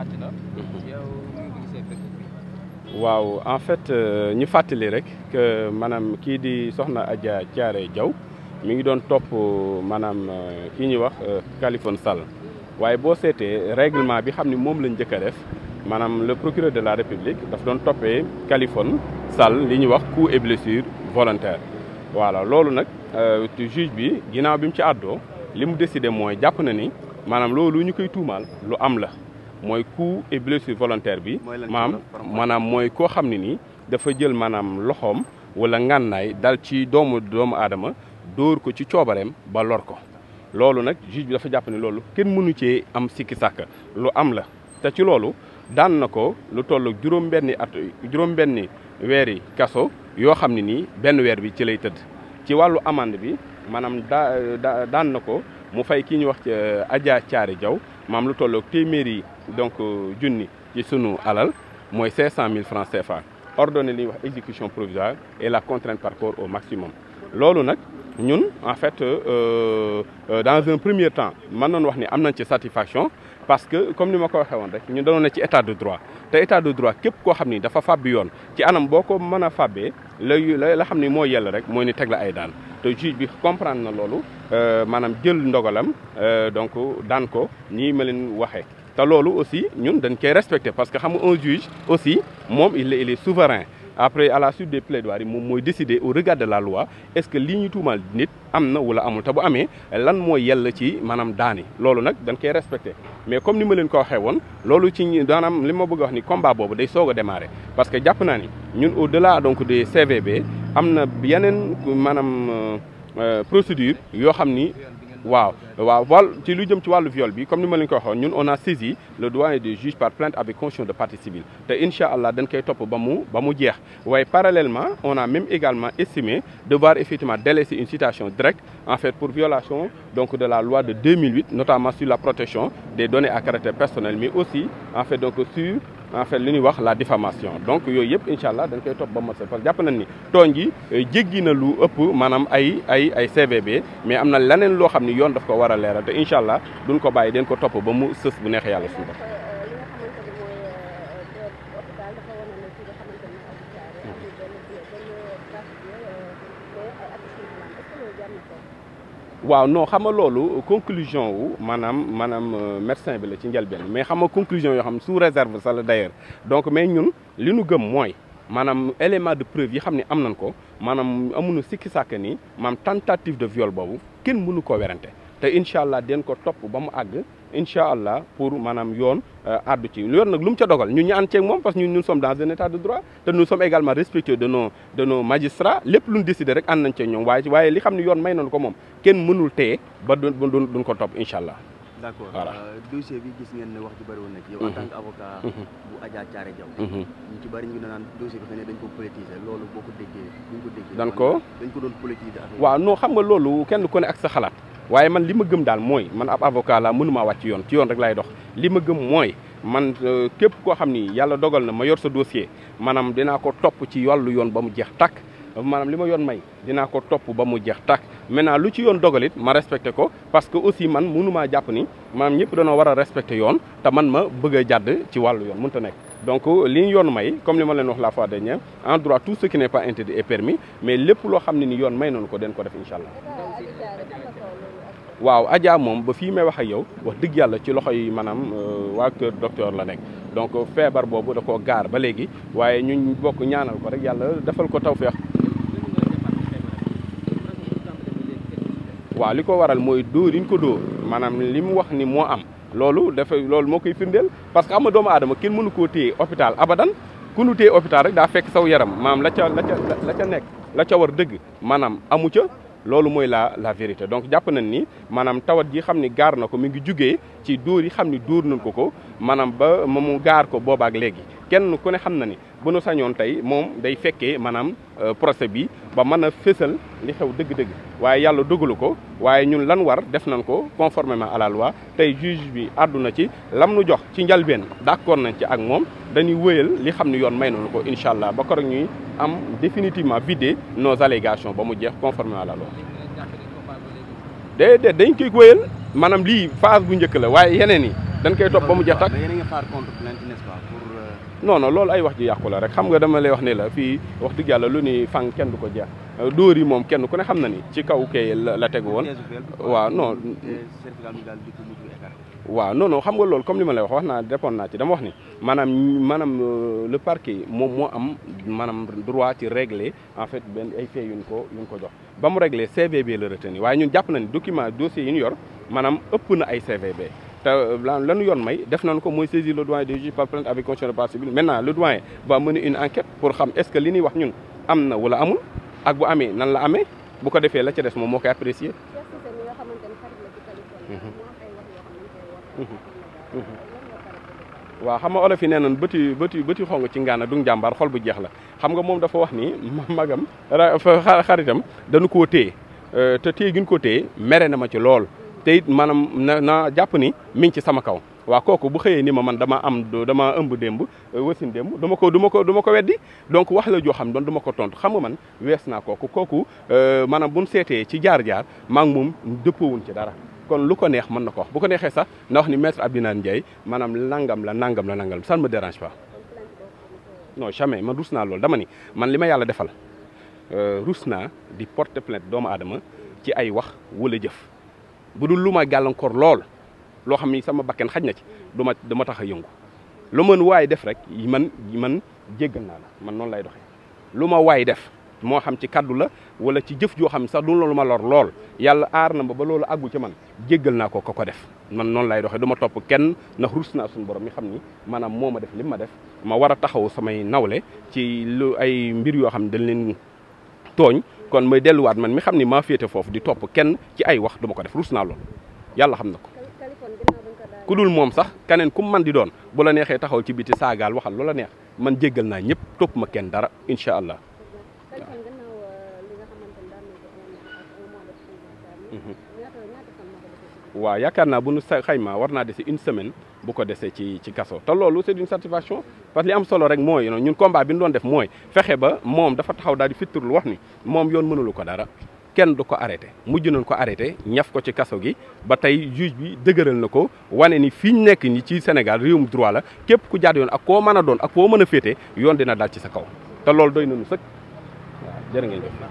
Mhm. waaw en fait euh, ñu fàttali rek que maanaam kii di soxna Adja Thiaré Diaw mi ngi doon topp euh, maanaam euh, kii ñuy wax Khaliphone Sall waaye boo seetee règlement bi xam ni moom lañ njëkk a def maanaam le procureur de la République daf doon toppee Khaliphone Sall li ñuy wax coups et blessures volontaires voilà loolu nag juge bi ginnaaw bi mu ci àddoo li mu décidé mooy jàpp na ni maanaam loolu ñu koy tuumaal lu am la mooy coup et blessure volontaire bi maam maanaam mooy koo xam ne nii dafa jël maanaam loxoom wala ngànnaay dal ci doomu doomu aadama dóor ko ci coobareem ba ko loolu nag juge bi dafa jàpp ne loolu kenn mënu cee am sikki sàkk lu am la te ci loolu daan na ko lu toll juróom-benni at juróom-benni weeri kaso yoo xam ne nii benn weer bi ci lay tëdd ci wàllu amande bi maanaam daa daan na ko mu fay kii ñu wax ca euh, Adja Thiaré Diaw maam lu tolloog téeméeri donc euh, junni ci sunu alal mooy 500000 francs CFA ordonné li ñuy wax exécution provisoire et la contrainte par corps au maximum. loolu nag ñun en fait euh, euh, dans un premier temps mën nañu wax ni am nañ ci satisfaction parce que comme ni ma ko waxee woon rek ñu danoon na ci état de droit te état de droit képp koo xam ni dafa fàbbi yoon ci anam boo ko mën a fàbbee la la xam ni moo yell rek mooy ni teg la ay daan te juge bi comprendre na loolu euh, maanaam jël ndogalam euh, donc dan ko nii ma leen waxee. te loolu aussi ñun dañ koy respecté parce que xam nga un juge aussi moom il est il souverain après à la suite des plaidoiries moom mooy décider a regard la loi est-ce que lii ñu tuumaal nit am na wala amul te bu amee lan mooy yell ci maanaam daani loolu nag dañ koy respecté mais comme ni ma leen ko waxe woon loolu ci daanaam li ma bëgg a wax ni combat boobu day soog a parce que jàpp naa ni ñun au delà donc des am na yeneen maanaam euh, euh, procédure yoo xam ni waaw waaw wàll ci lu jëm ci wàllu viol bi comme ni ma leen ñun on a saisi le doyen du juge par plainte avec caution de partie civile te incha allah dañ koy topp ba mu ba jeex waaye parallèlement on a même également estimé devoir effectivement délaisser une citation directe en fait pour violation donc de la loi de 2008 notamment sur la protection des données à caractère personnel mais aussi en fait donc en fait li ñuy wax la diffamation donc yooyu yëpp incha allah dañ koy topp ba mat sa parce que jàpp nañ ni tooñ gi jéggi na lu ëpp maanaam ay ay ay CVB mais am na leneen loo xam ni yoon daf ko war a leeral te incha allah duñ ko bàyyi den ko topp ba mu sës bu neexee yàlla suñu bopp waaw non xam nga loolu conclusion wu maanaam maanaam euh, médecin bi la ci njëlbeen mais xam nga conclusion yoo xam ne sous réserve ça la d'ailleurs mais ñun li ñu gëm mooy maanaam élément de preuve yi xam ne am nañ ko maanaam amunu sikki sàkk nii maanaam tentative de viol boobu kenn mënu ko werante te incha allah den ko topp ba mu àgg incha allah pour maanaam yoon addu euh, ci yoon nag lu mu ca dogal ñu ñu ànd ceeg moom parce que ñun nous sommes dans un état de droit te nous sommes également respectueux de nos de lépp lu ñu décidé rek ànd nañ ceeg ñoom waaye li xam ne yoon may nañu ko moom kenn mënul téye ba du duñ ko topp incha allah. d' accord euh, dossier bi ngeen ne wax ji bëri woon na ci yow en tant mhm. que avocat mhm. bu Adja Thiaré Diaw mhm. ñu loolu boo ko déggee dañ ko déggee dañ doon politiser waaw non xam nga loolu kenn ku ne ak sa xalaat waaye man li ma gëm daal mooy man ab avocat laa mënumaa wàcc yoon ci yoon rek laay dox li ma gëm mooy man euh, képp koo xam ni yàlla dogal na ma yor sa dossier maanaam dinaa ko topp ci wàllu yoon ba mu jeex tàkk maanaam li ma yoon may dinaa ko topp ba mu jeex tàkk maintenant lu ci yoon dogalit ma respecté ko parce que aussi man mënumaa jàpp ni maanaam ñëpp danoo war a respecté yoon te man ma bëgg a jàdd ci wàllu yoon mënta nekk donc li ñu yoon may comme li ma leen wax la fois d en droit tout ce qui n'est pas interdit est ni yoon may nañu ko den ko def incha allah waaw Adja moom ba fii may wax ak yow wax dëgg yàlla ci loxo yi maanaam euh, waa kër docteur la nekk donc euh, feebar boobu da koo gaar ba léegi waaye ñu bokk ñaanal ko rek yàlla defal ko taw feex waa li ko waral mooy dóor yi ko dóor maanaam li mu wax ni moo am loolu dafa loolu moo koy firndeel parce que am na doomu aadama kenn mënu koo téye hôpital abadan ku nu téye rek daa fekk saw yaram maam la ca la ca nekk la ca war dëgg maanaam amu ca loolu mooy la la vérité donc jàpp nañ ni maanaam tawat ji xam ni gaar na ko mi ngi jugee ci dóor yi xam ni dóor nañ ko ko maanaam ba mu gaar ko boobaak léegi kenn ku ne xam na ni bu nu sañoon tey moom day fekkee maanaam euh, procès bi ba mën a fésal li xew dëgg-dëgg waaye yàlla dogalu ko waaye ñun lan war def nañ ko conformément à la loi tey juge bi àdduna ci lam nu jox ci njalbeen d'accord nañ ci ak moom dañuy wëyal li xam ni yoon may nañu ko incha allah ba koroog ñuy am définitivement vidé nos allégations ba mu jeex conformément à la loi déedéet dañ koy wëyal maanaam lii phase bu njëkk la waaye yeneen yi dañ koy topp ba mu jatak euh, non non loolu ay wax ji yàqu la rek xam nga dama lay wax ne la fii wax dëgg yàlla lu ni fang kenn du ko jeex euh, dóor yi moom kenn ku ne xam na ni ci kaw kay la teg woon waaw non waaw non xam nga loolu comme li ma lay wax wax naa répondre naa ci dama wax ni maanaam maanaam euh, le parquet moom moo am maanaam droit ci régler en fait benn ay fait yuñ ko yuñ ko jox ba mu régler CVB la ni waaye ñun jàpp na ni document dossier yi nu yor maanaam ëpp na ay CVB te lanu yoon may def nañ ko mooy saisir le doyen des juges par plainte avec constitution de partie civile maintenant le doyen va mener une enquête pour xam est ce que wax ñun am na wala amul ak bu amee nan la amee bu ko defee la ca des moom moo koy apprécier. waaw xam nga olof yi nee nañ bëti bëti bëti ci ngaana du jàmbaar xol bu jeex la xam nga moom dafa wax ni magam xaritam dañu koo téye euh, te téye gi ñu ko téye mere na ma ci lool. tey it maanaam na na jàpp ni mi ci sama kaw waaw kooku bu xëyee ni ma man dama am dama ëmb demb euh, wasin démb du ma ko du ko du ko weddi donc wax la joo xam doon du ko tontu xam nga man wees naa kooku kooku euh, maanaam bu ñu seetee ci jaar-jaar maa ngi moom dëppoowuñ ci dara kon lu ko neex mën na ko bu ko neexee sax na wax ni maître Abdina Ndiaye maanaam nangam la nangam la nangam ça ne me dérange pas non jamais man rus naa loolu dama ni man li ma yàlla defal euh, ruus naa di porter plainte doomu aadama ci ay wax wala jëf bu dul lu ma gàllankoor lool loo xam ni sama bakken xaj na ci du ma du ma tax a yëngu lu mën waay def rek man man jéggal naa la man noonu lay doxee lu ma waay def moo xam ci kaddu la wala ci jëf joo xam ne sax du loolu ma lor lool yàlla aar na ma ba loolu àggu ci man jéggal naa ko ko ko def man noonu lay doxee du ma topp kenn ndax rus naa suñu borom mi xam ni maanaam moo ma def li ma def ma war a taxaw samay nawle ci ay mbir yoo xam ne dañ leen tooñ kon may delluwaat man mi xam ni maa féete foofu di topp kenn ci ay wax duma ko def ruus naa loolu yàlla xam na ko ku dul moom sax keneen ku man di doon bu la neexee taxaw ci biti saagaal waxal la neex man jéggal naa ñëpp topp ma kenn dara incha allah waaw yaakaar naa bu nu xayma war naa dese une semaine bu ko desee ci ci kaso te loolu c'est une satisfaction parce que li am solo rek mooy ñun combat bi ñu doon def mooy fexe ba moom dafa taxaw daal di fitturlu wax ni moom yoon mënulu ko dara kenn du ko arrêté mujj nañ ko arrêté ñaf ko ci kaso gi ba tey juge bi dëgëral na ko wane ni fi nekk ñi ci Sénégal réewum droit la képp ku jaar yoon ak koo mën a doon ak koo mën a féete yoon dina dal ci sa kaw te loolu doy nañu sëkk waaw